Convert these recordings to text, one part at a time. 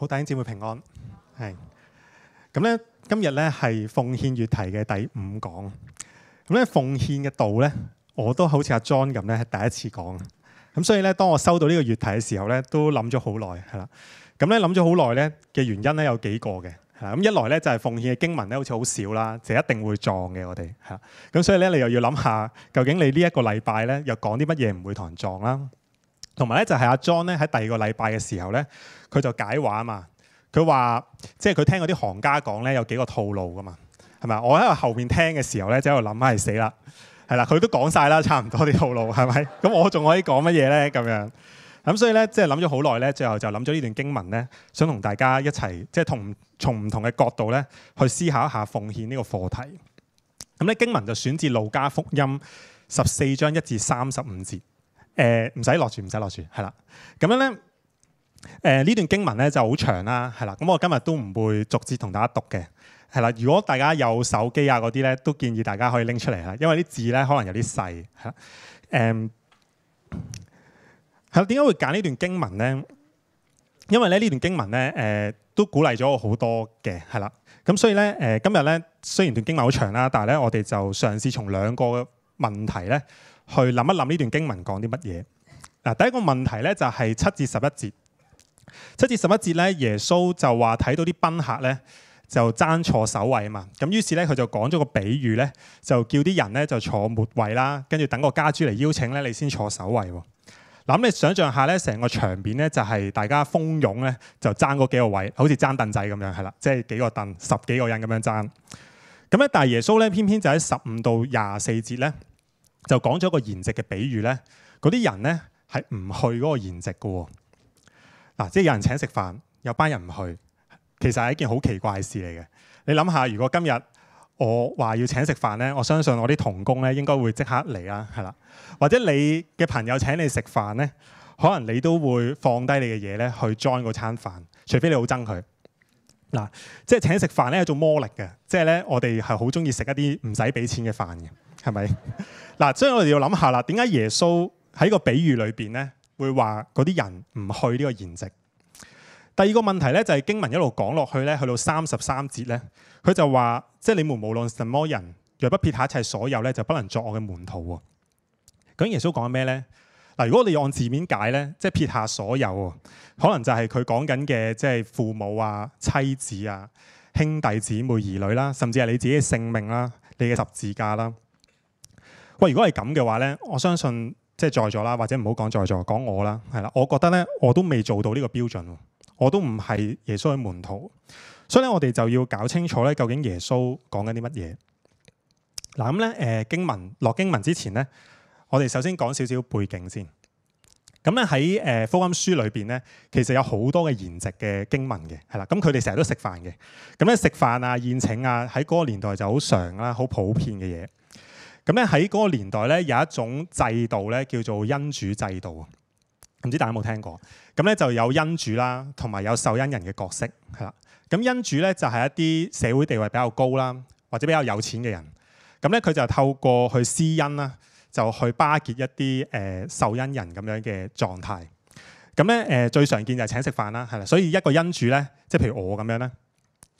好，弟兄姊妹平安，係咁咧。今日咧係奉獻月題嘅第五講。咁咧奉獻嘅道咧，我都好似阿 John 咁咧，係第一次講。咁所以咧，當我收到呢個月題嘅時候咧，都諗咗好耐，係啦。咁咧諗咗好耐咧嘅原因咧有幾個嘅，係啦。咁一來咧就係奉獻嘅經文咧，好似好少啦，就一定會撞嘅我哋，係啦。咁所以咧，你又要諗下，究竟你呢一個禮拜咧又講啲乜嘢唔會同人撞啦？同埋咧，就係阿 John 咧喺第二個禮拜嘅時候咧，佢就解話啊嘛。佢話即係佢聽嗰啲行家講咧，有幾個套路噶嘛，係咪？我喺後邊聽嘅時候咧，即係喺度諗啊，係死啦，係啦。佢都講晒啦，差唔多啲套路係咪？咁我仲可以講乜嘢咧？咁樣。咁所以咧，即係諗咗好耐咧，最後就諗咗呢段經文咧，想同大家一齊即係同從唔同嘅角度咧，去思考一下奉獻呢個課題。咁咧，經文就選自路加福音十四章一至三十五節。誒唔使落住，唔使落住，係啦。咁樣咧，誒、呃、呢段經文咧就好長啦，係啦。咁我今日都唔會逐字同大家讀嘅，係啦。如果大家有手機啊嗰啲咧，都建議大家可以拎出嚟啦，因為啲字咧可能有啲細，係啦，誒係啦。點解會揀呢段經文咧？因為咧呢段經文咧，誒、呃、都鼓勵咗我好多嘅，係啦。咁所以咧，誒、呃、今日咧雖然段經文好長啦，但係咧我哋就嘗試從兩個問題咧。去諗一諗呢段經文講啲乜嘢？嗱，第一個問題咧就係七至十一節。七至十一節咧，耶穌就話睇到啲賓客咧就爭坐首位嘛。咁於是咧佢就講咗個比喻咧，就叫啲人咧就坐末位啦，跟住等個家主嚟邀請咧，你先坐首位喎。嗱咁你想像下咧，成個場面咧就係大家蜂擁咧就爭嗰幾個位，好似爭凳仔咁樣，係啦，即係幾個凳，十幾個人咁樣爭。咁咧，但耶穌咧偏偏就喺十五到廿四節咧。就講咗個筵席嘅比喻咧，嗰啲人咧係唔去嗰個筵席嘅喎。嗱，即係有人請食飯，有班人唔去，其實係一件好奇怪嘅事嚟嘅。你諗下，如果今日我話要請食飯咧，我相信我啲同工咧應該會即刻嚟啦，係啦。或者你嘅朋友請你食飯咧，可能你都會放低你嘅嘢咧去 join 嗰餐飯，除非你好憎佢。嗱，即係請食飯咧係做魔力嘅，即係咧我哋係好中意食一啲唔使俾錢嘅飯嘅。係咪嗱？ 所以我哋要諗下啦。點解耶穌喺個比喻裏邊咧，會話嗰啲人唔去呢個筵席？第二個問題咧，就係經文一路講落去咧，去到三十三節咧，佢就話即係你們無論什麼人，若不撇下一切所有咧，就不能作我嘅門徒。咁耶穌講咩咧？嗱，如果你要按字面解咧，即係撇下所有，可能就係佢講緊嘅，即係父母啊、妻子啊、兄弟姊妹、兒女啦，甚至係你自己嘅性命啦、你嘅十字架啦。喂，如果係咁嘅話咧，我相信即係在座啦，或者唔好講在座，講我啦，係啦，我覺得咧，我都未做到呢個標準，我都唔係耶穌嘅門徒，所以咧我哋就要搞清楚咧，究竟耶穌講緊啲乜嘢。嗱咁咧，誒經文落經文之前咧，我哋首先講少少背景先。咁咧喺誒福音書裏邊咧，其實有好多嘅筵席嘅經文嘅，係啦，咁佢哋成日都食飯、嗯、食飯嘅、啊，咁咧食飯啊宴請啊喺嗰個年代就好常啦，好普遍嘅嘢。咁咧喺嗰個年代咧有一種制度咧叫做恩主制度啊，唔知大家有冇聽過？咁咧就有恩主啦，同埋有受恩人嘅角色係啦。咁恩主咧就係、是、一啲社會地位比較高啦，或者比較有錢嘅人。咁咧佢就透過去施恩啦，就去巴結一啲誒、呃、受恩人咁樣嘅狀態。咁咧誒最常見就係請食飯啦，係啦。所以一個恩主咧，即係譬如我咁樣咧。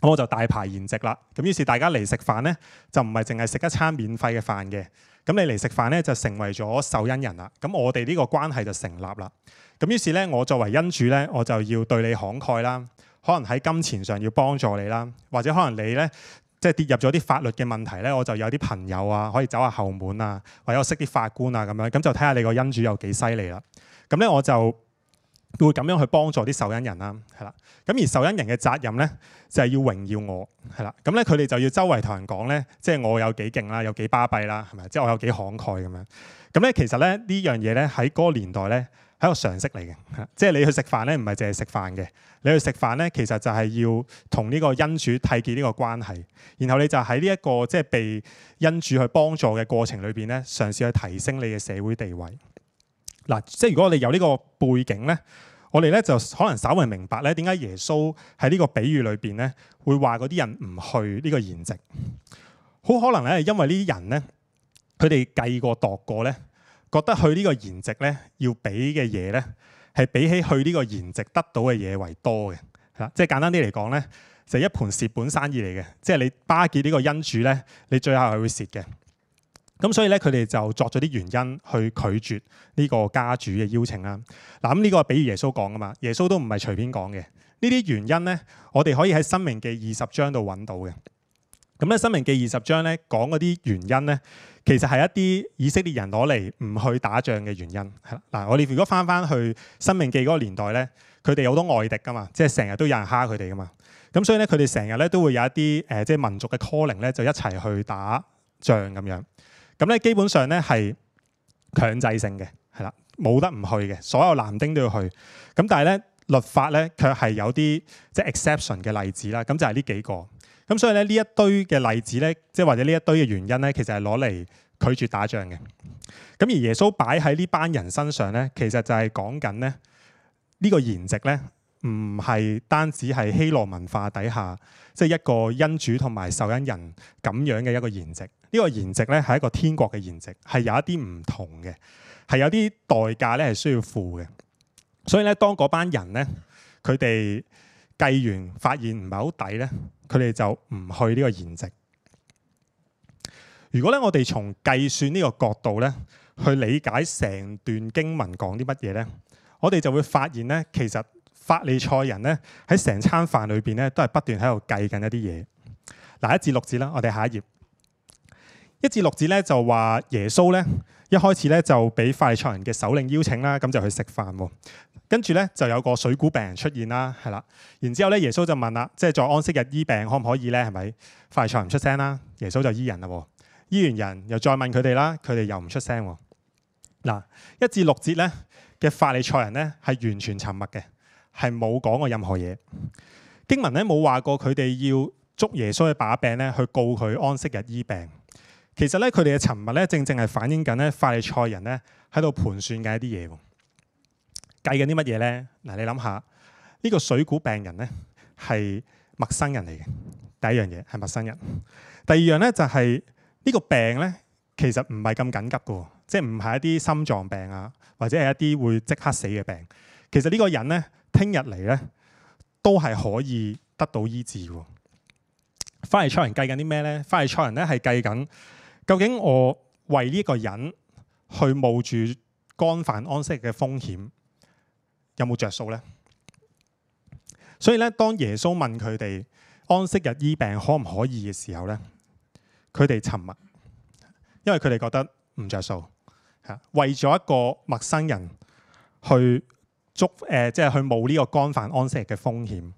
咁我就大排筵席啦。咁於是大家嚟食飯咧，就唔係淨係食一餐免費嘅飯嘅。咁你嚟食飯咧，就成為咗受恩人啦。咁我哋呢個關係就成立啦。咁於是咧，我作為恩主咧，我就要對你慷慨啦。可能喺金錢上要幫助你啦，或者可能你咧即係跌入咗啲法律嘅問題咧，我就有啲朋友啊，可以走下後門啊，或者我識啲法官啊咁樣，咁就睇下你個恩主有幾犀利啦。咁咧我就會咁樣去幫助啲受恩人啦，係啦。咁而受恩人嘅責任咧，就係要榮耀我，係啦。咁咧佢哋就要周圍同人講咧，即係我有幾勁啦，有幾巴閉啦，係咪？即係我有幾慷慨咁樣。咁咧其實咧呢樣嘢咧喺嗰個年代咧，係個常識嚟嘅。即係你去食飯咧，唔係凈係食飯嘅。你去食飯咧，其實就係要同呢個恩主締結呢個關係。然後你就喺呢一個即係被恩主去幫助嘅過程裏邊咧，嘗試去提升你嘅社會地位。嗱，即係如果我哋有呢個背景咧，我哋咧就可能稍微明白咧，點解耶穌喺呢個比喻裏邊咧，會話嗰啲人唔去呢個筵席。好可能咧，因為呢啲人咧，佢哋計過度過咧，覺得去呢個筵席咧，要俾嘅嘢咧，係比起去呢個筵席得到嘅嘢為多嘅，係即係簡單啲嚟講咧，就係一盤蝕本生意嚟嘅，即係你巴結呢個恩主咧，你最後係會蝕嘅。咁所以咧，佢哋就作咗啲原因去拒絕呢個家主嘅邀請啦。嗱，咁呢個比喻耶穌講噶嘛，耶穌都唔係隨便講嘅。呢啲原因咧，我哋可以喺《申命記》二十章度揾到嘅。咁咧，《申命記》二十章咧講嗰啲原因咧，其實係一啲以色列人攞嚟唔去打仗嘅原因。係啦，嗱，我哋如果翻翻去《申命記》嗰個年代咧，佢哋有好多外敵噶嘛，即係成日都有人蝦佢哋噶嘛。咁所以咧，佢哋成日咧都會有一啲誒，即係民族嘅 calling 咧，就一齊去打仗咁樣。咁咧，基本上咧係強制性嘅，係啦，冇得唔去嘅，所有男丁都要去。咁但係咧，律法咧卻係有啲即係 exception 嘅例子啦。咁就係、是、呢幾個。咁所以咧呢一堆嘅例子咧，即係或者呢一堆嘅原因咧，其實係攞嚟拒絕打仗嘅。咁而耶穌擺喺呢班人身上咧，其實就係講緊咧呢個筵席咧，唔係單止係希羅文化底下即係、就是、一個恩主同埋受恩人咁樣嘅一個筵席。呢個筵席咧，係一個天國嘅筵席，係有一啲唔同嘅，係有啲代價咧，係需要付嘅。所以咧，當嗰班人咧，佢哋計完發現唔係好抵咧，佢哋就唔去呢個筵席。如果咧，我哋從計算呢個角度咧，去理解成段經文講啲乜嘢咧，我哋就會發現咧，其實法利賽人咧喺成餐飯裏邊咧，都係不斷喺度計緊一啲嘢。嗱，一至六字啦，我哋下一頁。一至六節咧就話耶穌咧一開始咧就俾法利賽人嘅首領邀請啦，咁就去食飯。跟住咧就有個水臌病人出現啦，係啦。然之後咧耶穌就問啦，即係再安息日醫病可唔可以咧？係咪法利賽人唔出聲啦？耶穌就醫人啦，醫完人又再問佢哋啦，佢哋又唔出聲。嗱，一至六節咧嘅法利賽人咧係完全沉默嘅，係冇講過任何嘢。經文咧冇話過佢哋要捉耶穌嘅把柄咧去告佢安息日醫病。其實咧，佢哋嘅沉默咧，正正係反映緊咧，法利賽人咧喺度盤算緊一啲嘢喎，計緊啲乜嘢咧？嗱，你諗下呢個水臌病人咧係陌生人嚟嘅。第一樣嘢係陌生人。第二樣咧就係呢個病咧，其實唔係咁緊急㗎，即係唔係一啲心臟病啊，或者係一啲會即刻死嘅病。其實呢個人咧，聽日嚟咧都係可以得到醫治嘅。法利賽人計緊啲咩咧？法利賽人咧係計緊。究竟我為呢一個人去冒住干犯安息嘅風險，有冇着數呢？所以咧，當耶穌問佢哋安息日醫病可唔可以嘅時候咧，佢哋沉默，因為佢哋覺得唔着數，係為咗一個陌生人去捉誒、呃，即係去冒呢個干犯安息嘅風險，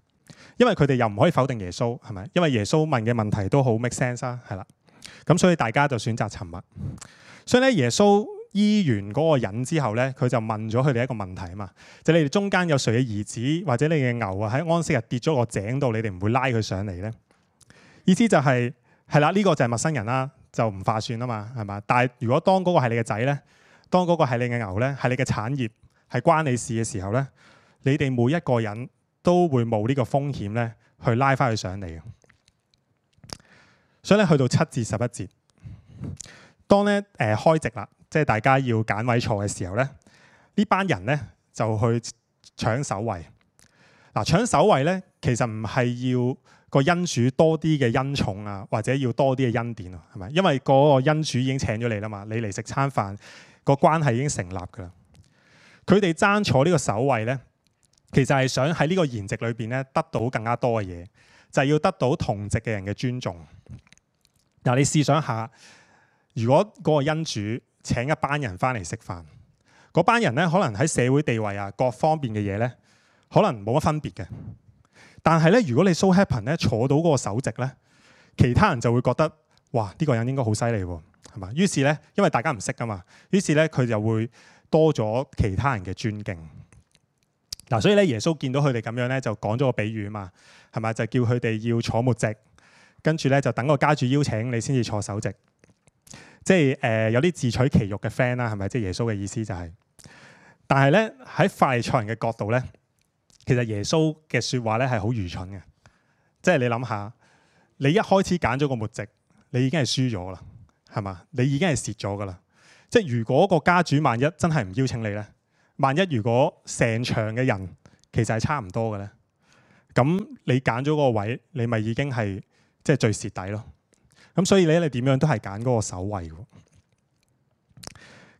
因為佢哋又唔可以否定耶穌，係咪？因為耶穌問嘅問題都好 make sense 係啦。咁所以大家就選擇沉默。所以咧，耶穌醫完嗰個人之後咧，佢就問咗佢哋一個問題啊嘛，就你哋中間有誰嘅兒子或者你嘅牛啊喺安息日跌咗個井度，你哋唔會拉佢上嚟咧？意思就係，係啦，呢個就係陌生人啦，就唔划算啊嘛，係嘛？但係如果當嗰個係你嘅仔咧，當嗰個係你嘅牛咧，係你嘅產業，係關你事嘅時候咧，你哋每一個人都會冇呢個風險咧，去拉翻佢上嚟嘅。所以咧，去到七至十一節，當咧誒、呃、開席啦，即係大家要揀位坐嘅時候咧，呢班人咧就去搶首位嗱、啊。搶首位咧，其實唔係要個恩主多啲嘅恩寵啊，或者要多啲嘅恩典啊，係咪？因為個恩主已經請咗你啦嘛，你嚟食餐飯，那個關係已經成立㗎啦。佢哋爭坐呢個首位咧，其實係想喺呢個筵席裏邊咧得到更加多嘅嘢，就係、是、要得到同席嘅人嘅尊重。嗱，你試想下，如果嗰個恩主請一班人翻嚟食飯，嗰班人咧可能喺社會地位啊、各方面嘅嘢咧，可能冇乜分別嘅。但係咧，如果你 so happen 咧坐到嗰個首席咧，其他人就會覺得，哇，呢個人應該好犀利喎，係嘛？於是咧，因為大家唔識啊嘛，於是咧佢就會多咗其他人嘅尊敬。嗱、啊，所以咧耶穌見到佢哋咁樣咧，就講咗個比喻吖嘛，係咪？就叫佢哋要坐末席。跟住咧，就等個家主邀請你先至坐首席，即係誒、呃、有啲自取其辱嘅 friend 啦，係咪？即係耶穌嘅意思就係、是。但係咧喺法利賽人嘅角度咧，其實耶穌嘅説話咧係好愚蠢嘅。即係你諗下，你一開始揀咗個末席，你已經係輸咗啦，係嘛？你已經係蝕咗噶啦。即係如果個家主萬一真係唔邀請你咧，萬一如果成場嘅人其實係差唔多嘅咧，咁你揀咗嗰個位，你咪已經係。即係最蝕底咯，咁所以你咧點樣都係揀嗰個首位。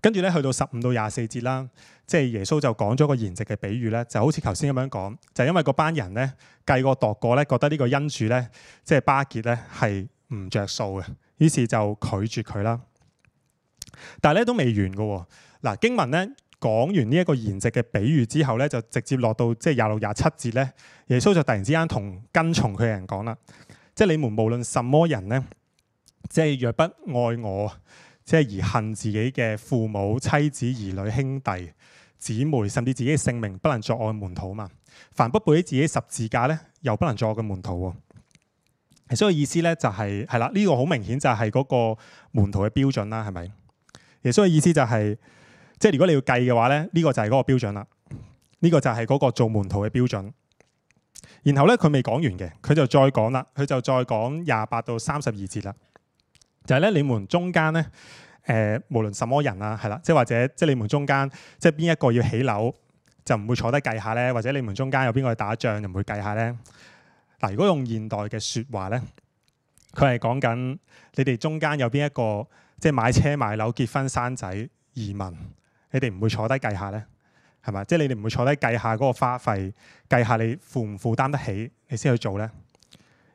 跟住咧，去到十五到廿四節啦，即係耶穌就講咗個筵席嘅比喻咧，就好似頭先咁樣講，就係、是、因為嗰班人咧計過度過咧，覺得呢個恩主咧即係巴結咧係唔着數嘅，於是就拒絕佢啦。但係咧都未完噶，嗱經文咧講完呢一個筵席嘅比喻之後咧，就直接落到即係廿六廿七節咧，耶穌就突然之間同跟從佢嘅人講啦。即係你們無論什麼人咧，即係若不愛我，即係而恨自己嘅父母、妻子、兒女、兄弟、姊妹，甚至自己嘅性命，不能作我嘅門徒嘛。凡不背起自己十字架咧，又不能作我嘅門徒啊。耶穌嘅意思咧就係係啦，呢個好明顯就係嗰個門徒嘅標準啦，係咪？耶穌嘅意思就係，即係如果你要計嘅話咧，呢個就係嗰個標準啦。呢個就係嗰個做門徒嘅標準。然後咧，佢未講完嘅，佢就再講啦。佢就再講廿八到三十二節啦。就係咧，你們中間咧，誒、呃，無論什麼人啦、啊，係啦，即係或者即係你們中間，即係邊一個要起樓，就唔會坐低計下咧；或者你們中間有邊個去打仗，就唔會計下咧。嗱，如果用現代嘅説話咧，佢係講緊你哋中間有邊一個即係買車買樓結婚生仔移民，你哋唔會坐低計下咧？係嘛？即係你哋唔會坐低計下嗰個花費，計下你負唔負擔得起，你先去做咧。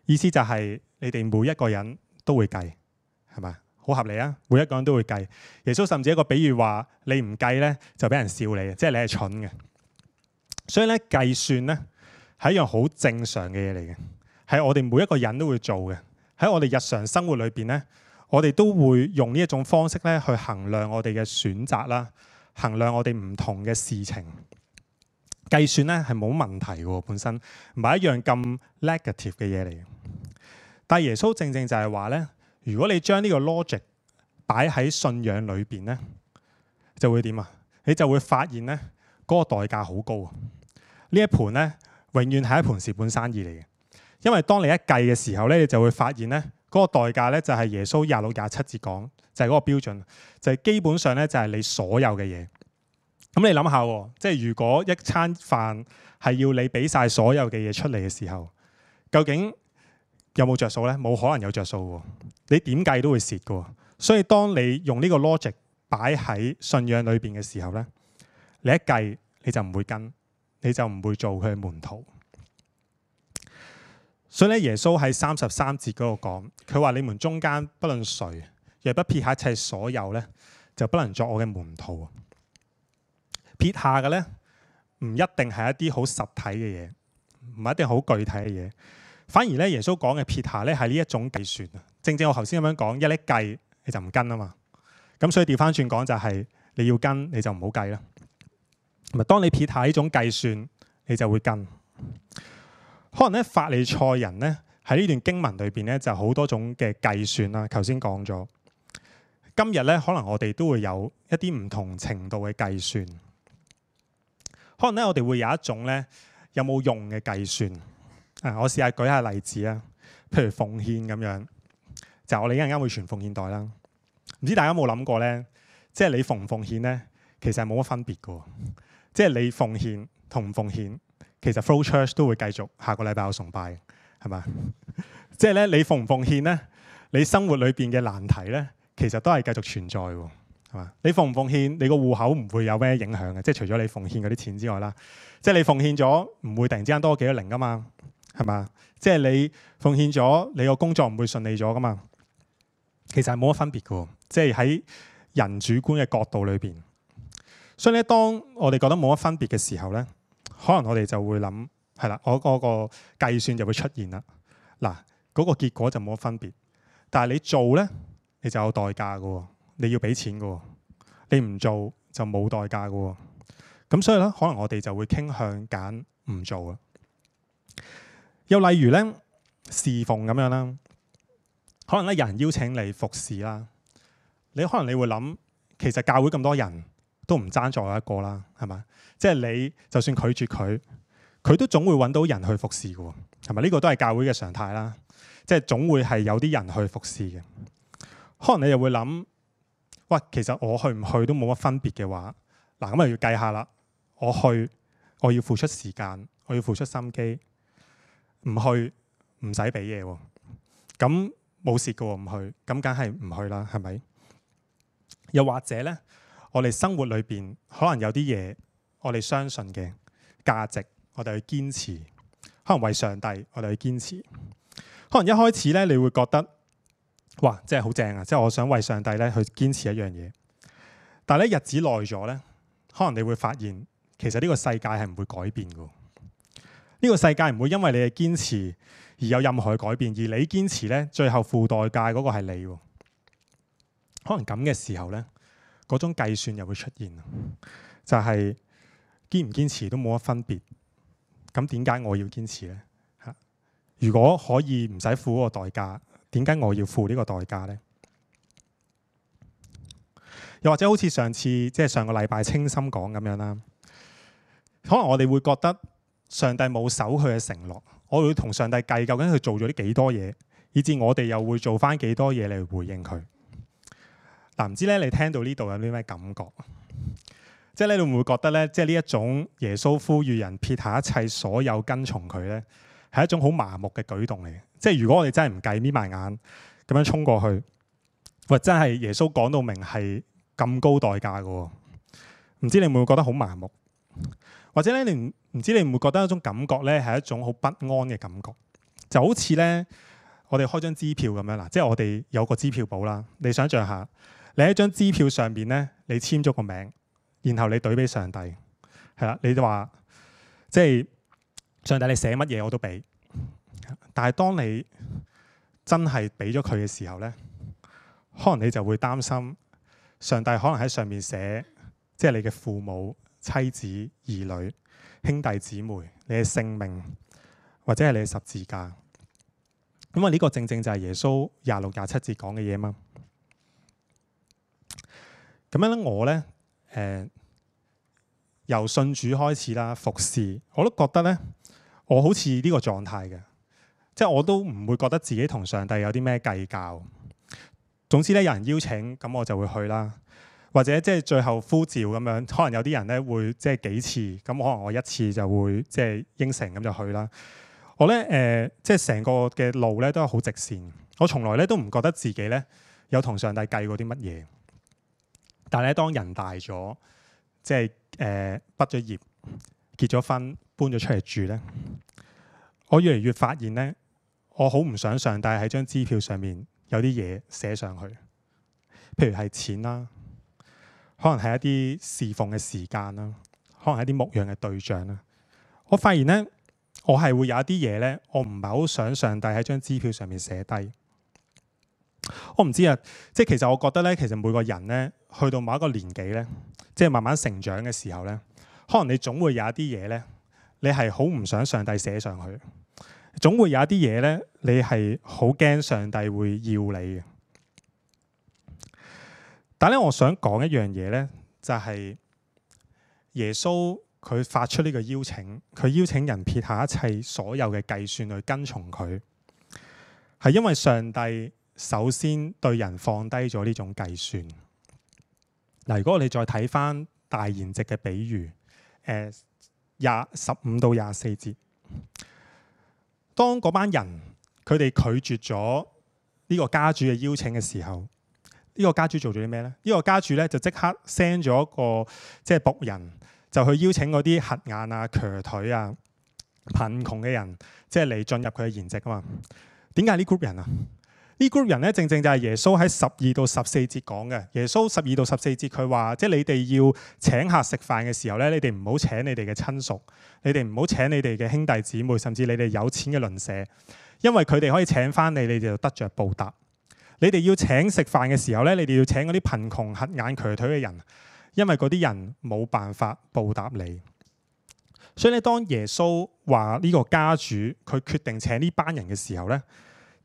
意思就係你哋每一個人都會計，係嘛？好合理啊！每一個人都會計。耶穌甚至一個比喻話，你唔計咧，就俾人笑你，即係你係蠢嘅。所以咧，計算咧係一樣好正常嘅嘢嚟嘅，係我哋每一個人都會做嘅。喺我哋日常生活裏邊咧，我哋都會用呢一種方式咧去衡量我哋嘅選擇啦。衡量我哋唔同嘅事情，計算咧係冇問題嘅本身，唔係一樣咁 negative 嘅嘢嚟嘅。但耶穌正正就係話咧，如果你將呢個 logic 擺喺信仰裏邊咧，就會點啊？你就會發現咧，嗰個代價好高啊！呢一盤咧，永遠係一盤蝕本生意嚟嘅，因為當你一計嘅時候咧，你就會發現咧。嗰個代價咧就係耶穌廿六廿七節講，就係嗰個標準，就係基本上咧就係你所有嘅嘢。咁你諗下喎，即係如果一餐飯係要你俾晒所有嘅嘢出嚟嘅時候，究竟有冇着數咧？冇可能有着數喎，你點計都會蝕嘅。所以當你用呢個 logic 擺喺信仰裏邊嘅時候咧，你一計你就唔會跟，你就唔會做佢嘅門徒。所以咧，耶穌喺三十三節嗰度講，佢話：你們中間，不論誰，若不撇下一切所有咧，就不能作我嘅門徒。撇下嘅咧，唔一定係一啲好實體嘅嘢，唔係一定好具體嘅嘢，反而咧，耶穌講嘅撇下咧，係呢一種計算啊！正正我頭先咁樣講，一啲計你就唔跟啊嘛。咁所以調翻轉講就係，你要跟你就唔好計啦。唔係，當你撇下呢種計算，你就會跟。可能咧，法利賽人咧喺呢段經文裏邊咧，就好多種嘅計算啦。頭先講咗，今日咧，可能我哋都會有一啲唔同程度嘅計算。可能咧，我哋會有一種咧，有冇用嘅計算？誒、啊，我試下舉下例子啊。譬如奉獻咁樣，就我哋一陣間會傳奉獻袋啦。唔知大家有冇諗過咧？即係你奉唔奉獻咧，其實係冇乜分別嘅。即係你奉獻同唔奉獻。其實，flow church 都會繼續下個禮拜有崇拜，係嘛？ 即係咧，你奉唔奉獻咧？你生活裏邊嘅難題咧，其實都係繼續存在喎，係嘛？你奉唔奉獻，你個戶口唔會有咩影響嘅，即係除咗你奉獻嗰啲錢之外啦。即係你奉獻咗，唔會突然之間多幾多零噶嘛，係嘛？即係你奉獻咗，你個工作唔會順利咗噶嘛。其實係冇乜分別嘅，即係喺人主觀嘅角度裏邊。所以咧，當我哋覺得冇乜分別嘅時候咧。可能我哋就會諗，係啦，我嗰個計算就會出現啦。嗱，嗰個結果就冇乜分別，但係你做呢，你就有代價嘅，你要俾錢嘅，你唔做就冇代價嘅。咁所以咧，可能我哋就會傾向揀唔做啊。又例如呢，侍奉咁樣啦，可能咧有人邀請你服侍啦，你可能你會諗，其實教會咁多人，都唔爭在再有一個啦，係嘛？即係你就算拒絕佢，佢都總會搵到人去服侍嘅喎，係咪？呢、呢個都係教會嘅常態啦。即係總會係有啲人去服侍嘅。可能你又會諗，喂，其實我去唔去都冇乜分別嘅話，嗱咁又要計下啦。我去，我要付出時間，我要付出心機，唔去唔使俾嘢喎。咁冇、哦、事嘅喎，唔去咁，梗係唔去啦，係咪？又或者咧，我哋生活裏邊可能有啲嘢，我哋相信嘅價值，我哋去堅持，可能為上帝，我哋去堅持。可能一開始咧，你會覺得，哇，真係好正啊！即係我想為上帝咧去堅持一樣嘢。但係咧日子耐咗咧，可能你會發現，其實呢個世界係唔會改變噶。呢個世界唔會因為你嘅堅持而有任何改變，而你堅持咧，最後付代價嗰個係你。可能咁嘅時候咧。嗰種計算又會出現，就係堅唔堅持都冇乜分別。咁點解我要堅持呢？嚇！如果可以唔使付嗰個代價，點解我要付呢個代價呢？又或者好似上次即係上個禮拜清心講咁樣啦，可能我哋會覺得上帝冇守佢嘅承諾，我會同上帝計究竟佢做咗啲幾多嘢，以至我哋又會做返幾多嘢嚟回應佢。嗱，唔知咧，你聽到呢度有啲咩感覺？即係咧，你會唔會覺得咧，即係呢一種耶穌呼籲人撇下一切、所有跟從佢咧，係一種好麻木嘅舉動嚟嘅？即係如果我哋真係唔計、眯埋眼咁樣衝過去，或真係耶穌講到明係咁高代價嘅喎，唔知你會唔會覺得好麻木？或者咧，你唔知你會唔會覺得一種感覺咧，係一種好不安嘅感覺，就好似咧，我哋開張支票咁樣啦，即係我哋有個支票簿啦，你想像下。你喺張支票上邊咧，你簽咗個名，然後你對俾上帝，係啦，你就話，即係上帝，你寫乜嘢我都俾。但係當你真係俾咗佢嘅時候咧，可能你就會擔心上帝可能喺上面寫，即係你嘅父母、妻子、兒女、兄弟姊妹、你嘅性命，或者係你嘅十字架。咁呢個正正就係耶穌廿六廿七節講嘅嘢嘛。咁樣咧，我咧，誒、呃，由信主開始啦，服侍。我都覺得咧，我好似呢個狀態嘅，即係我都唔會覺得自己同上帝有啲咩計較。總之咧，有人邀請，咁我就會去啦。或者即係最後呼召咁樣，可能有啲人咧會即係幾次，咁可能我一次就會即係應承咁就去啦。我咧，誒、呃，即係成個嘅路咧都係好直線，我從來咧都唔覺得自己咧有同上帝計過啲乜嘢。但係咧，當人大咗，即係誒、畢、呃、咗業、結咗婚、搬咗出嚟住咧，我越嚟越發現咧，我好唔想上帝喺張支票上面有啲嘢寫上去，譬如係錢啦，可能係一啲侍奉嘅時間啦，可能係一啲牧養嘅對象啦，我發現咧，我係會有一啲嘢咧，我唔係好想上帝喺張支票上面寫低。我唔知啊，即係其實我覺得咧，其實每個人咧，去到某一個年紀咧，即係慢慢成長嘅時候咧，可能你總會有一啲嘢咧，你係好唔想上帝寫上去，總會有一啲嘢咧，你係好驚上帝會要你嘅。但係咧，我想講一樣嘢咧，就係耶穌佢發出呢個邀請，佢邀請人撇下一切所有嘅計算去跟從佢，係因為上帝。首先對人放低咗呢種計算。嗱，如果你再睇翻大筵席嘅比喻，誒廿十五到廿四節，當嗰班人佢哋拒絕咗呢個家主嘅邀請嘅時候，呢個家主做咗啲咩咧？呢個家主咧就即刻 send 咗一個即係僕人，就去邀請嗰啲瞎眼啊、瘸腿啊、貧窮嘅人，即係嚟進入佢嘅筵席啊嘛。點解呢 group 人啊？呢 group 人咧，正正就係耶穌喺十二到十四節講嘅。耶穌十二到十四節佢話，即係你哋要請客食飯嘅時候咧，你哋唔好請你哋嘅親屬，你哋唔好請你哋嘅兄弟姊妹，甚至你哋有錢嘅鄰舍，因為佢哋可以請返你，你哋就得着報答。你哋要請食飯嘅時候咧，你哋要請嗰啲貧窮、瞎眼、瘸腿嘅人，因為嗰啲人冇辦法報答你。所以咧，當耶穌話呢個家主佢決定請呢班人嘅時候咧，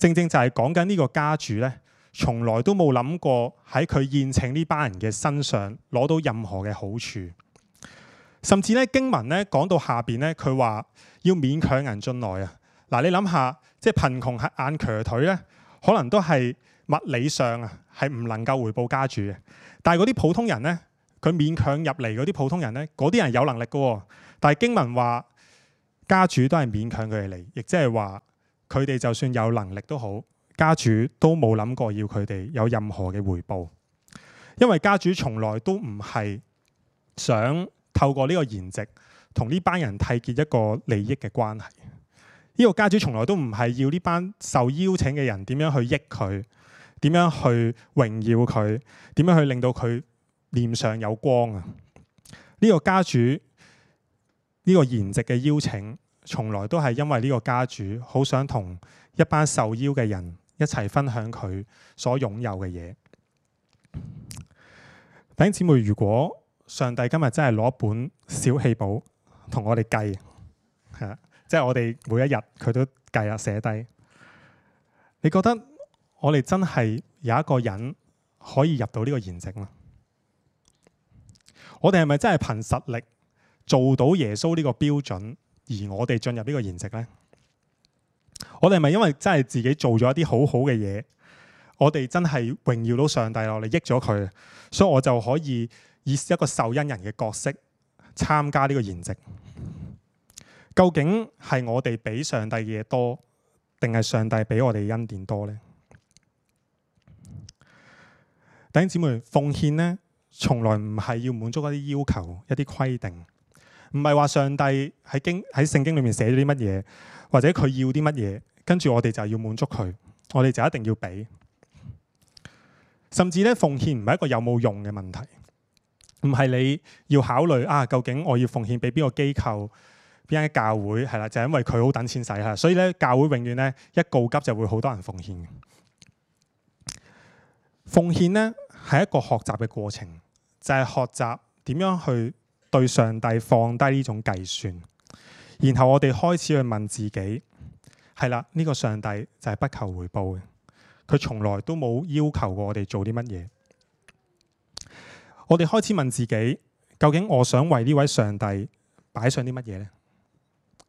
正正就係講緊呢個家主咧，從來都冇諗過喺佢宴請呢班人嘅身上攞到任何嘅好處，甚至咧經文咧講到下邊咧，佢話要勉強人進來啊！嗱，你諗下，即係貧窮瞎眼瘸腿咧，可能都係物理上啊，係唔能夠回報家主嘅。但係嗰啲普通人咧，佢勉強入嚟嗰啲普通人咧，嗰啲人有能力㗎。但係經文話家主都係勉強佢哋嚟，亦即係話。佢哋就算有能力都好，家主都冇諗過要佢哋有任何嘅回報，因為家主從來都唔係想透過呢個筵席，同呢班人締結一個利益嘅關係。呢個家主從來都唔係要呢班受邀請嘅人點樣去益佢，點樣去榮耀佢，點樣去令到佢面上有光啊！呢個家主呢個筵席嘅邀請。從來都係因為呢個家主好想同一班受邀嘅人一齊分享佢所擁有嘅嘢。弟兄姊妹，如果上帝今日真係攞本小器簿同我哋計，即係、係呀、我哋每一日佢都計啊，寫低。你覺得我哋真係有一個人可以入到呢個筵席嗎？我哋係咪真係憑實力做到耶穌呢個標準？而我哋進入呢個筵席呢，我哋咪因為真係自己做咗一啲好好嘅嘢，我哋真係榮耀到上帝咯，我哋益咗佢，所以我就可以以一個受恩人嘅角色參加呢個筵席。究竟係我哋畀上帝嘅嘢多，定係上帝畀我哋恩典多呢？弟兄姊妹，奉獻呢，從來唔係要滿足一啲要求、一啲規定。唔係話上帝喺經喺聖經裏面寫咗啲乜嘢，或者佢要啲乜嘢，跟住我哋就要滿足佢，我哋就一定要俾。甚至咧奉獻唔係一個有冇用嘅問題，唔係你要考慮啊，究竟我要奉獻俾邊個機構、邊間教會係啦，就係，因為佢好等錢使吓。所以咧教會永遠咧一告急就會好多人奉獻。奉獻咧係一個學習嘅過程，就係、是、學習點樣去。對上帝放低呢種計算，然後我哋開始去問自己：係啦，呢個上帝就係不求回報嘅，佢從來都冇要求過我哋做啲乜嘢。我哋開始問自己：究竟我想為呢位上帝擺上啲乜嘢呢？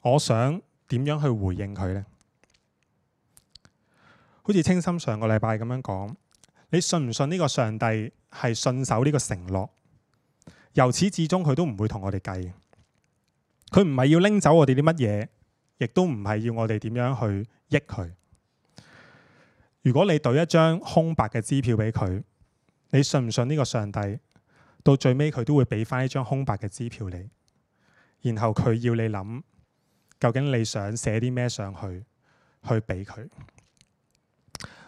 我想點樣去回應佢呢？好似清心上個禮拜咁樣講：你信唔信呢個上帝係信守呢個承諾？由始至終佢都唔會同我哋計，佢唔係要拎走我哋啲乜嘢，亦都唔係要我哋點樣去益佢。如果你兌一張空白嘅支票俾佢，你信唔信呢個上帝？到最尾佢都會俾翻一張空白嘅支票你，然後佢要你諗，究竟你想寫啲咩上去去俾佢？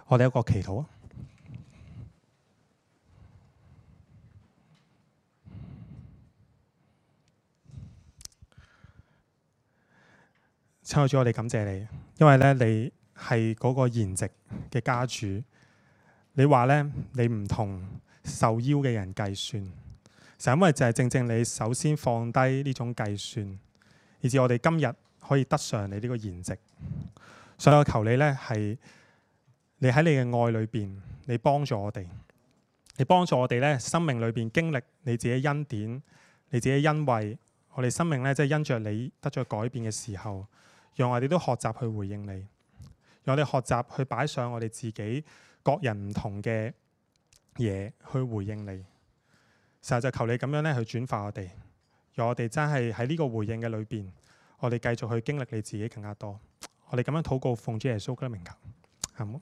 我哋有一個祈禱啊！親愛，我哋感謝你，因為咧，你係嗰個筵席嘅家主。你話咧，你唔同受邀嘅人計算，成因為就係正正你首先放低呢種計算，以至我哋今日可以得上你呢個筵席。所以我求你咧，係你喺你嘅愛裏邊，你幫助我哋，你幫助我哋咧，生命裏邊經歷你自己恩典，你自己恩惠，我哋生命咧即係因着你得咗改變嘅時候。讓我哋都學習去回應你，讓我哋學習去擺上我哋自己各人唔同嘅嘢，去回應你。實就求你咁樣咧去轉化我哋，讓我哋真係喺呢個回應嘅裏邊，我哋繼續去經歷你自己更加多。我哋咁樣禱告奉明明，奉主耶穌嘅名求，阿門。